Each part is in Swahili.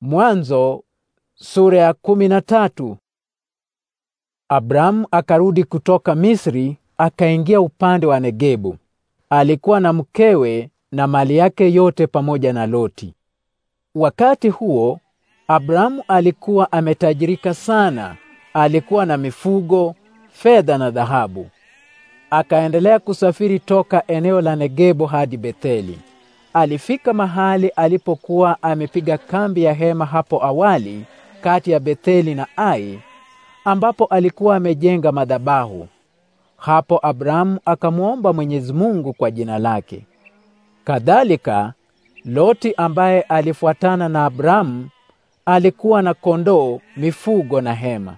Mwanzo sura ya kumi na tatu. Abraham akarudi kutoka Misri akaingia upande wa Negebu. Alikuwa na mkewe na mali yake yote pamoja na Loti. Wakati huo Abraham alikuwa ametajirika sana. Alikuwa na mifugo, fedha na dhahabu. Akaendelea kusafiri toka eneo la Negebu hadi Betheli alifika mahali alipokuwa amepiga kambi ya hema hapo awali kati ya Betheli na Ai ambapo alikuwa amejenga madhabahu. Hapo Abrahamu akamwomba Mwenyezi Mungu kwa jina lake. Kadhalika Loti ambaye alifuatana na Abrahamu alikuwa na kondoo, mifugo na hema.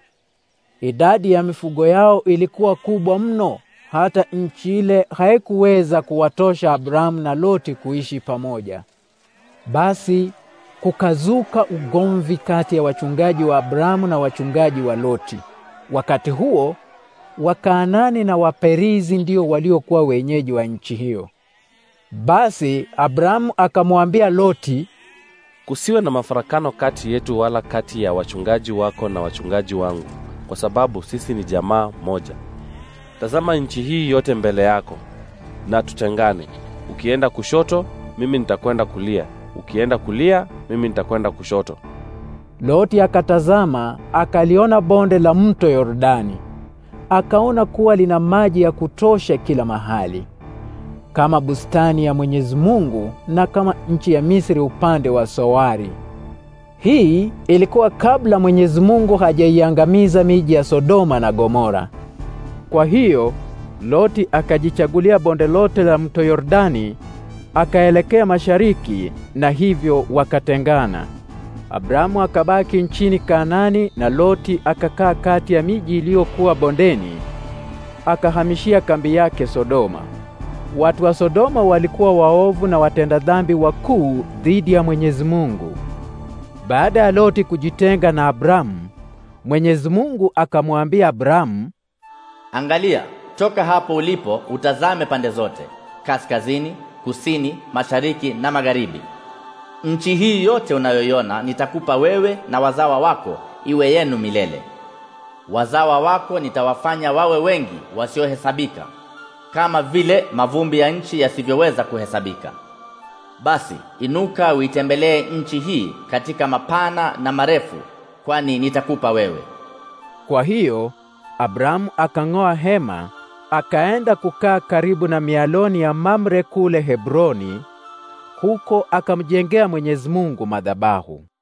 Idadi ya mifugo yao ilikuwa kubwa mno hata nchi ile haikuweza kuwatosha Abrahamu na Loti kuishi pamoja. Basi kukazuka ugomvi kati ya wachungaji wa Abrahamu na wachungaji wa Loti. Wakati huo Wakaanani na Waperizi ndio waliokuwa wenyeji wa nchi hiyo. Basi Abrahamu akamwambia Loti, kusiwe na mafarakano kati yetu wala kati ya wachungaji wako na wachungaji wangu, kwa sababu sisi ni jamaa moja. Tazama nchi hii yote mbele yako, na tutengane. Ukienda kushoto, mimi nitakwenda kulia; ukienda kulia, mimi nitakwenda kushoto. Loti akatazama, akaliona bonde la mto Yordani, akaona kuwa lina maji ya kutosha kila mahali, kama bustani ya Mwenyezi Mungu na kama nchi ya Misri upande wa Sowari. Hii ilikuwa kabla Mwenyezi Mungu hajaiangamiza miji ya Sodoma na Gomora. Kwa hiyo Loti akajichagulia bonde lote la mto Yordani akaelekea mashariki, na hivyo wakatengana. Abrahamu akabaki nchini Kanaani na Loti akakaa kati ya miji iliyokuwa bondeni, akahamishia kambi yake Sodoma. Watu wa Sodoma walikuwa waovu na watenda dhambi wakuu dhidi ya Mwenyezi Mungu. Baada ya Loti kujitenga na Abrahamu, Mwenyezi Mungu akamwambia Abrahamu, Angalia toka hapo ulipo, utazame pande zote, kaskazini, kusini, mashariki na magharibi. Nchi hii yote unayoiona nitakupa wewe na wazawa wako iwe yenu milele. Wazawa wako nitawafanya wawe wengi wasiohesabika, kama vile mavumbi ya nchi yasivyoweza kuhesabika. Basi inuka uitembelee nchi hii katika mapana na marefu, kwani nitakupa wewe. Kwa hiyo Abrahamu akang'oa hema akaenda kukaa karibu na mialoni ya Mamre kule Hebroni. Huko akamjengea Mwenyezi Mungu madhabahu.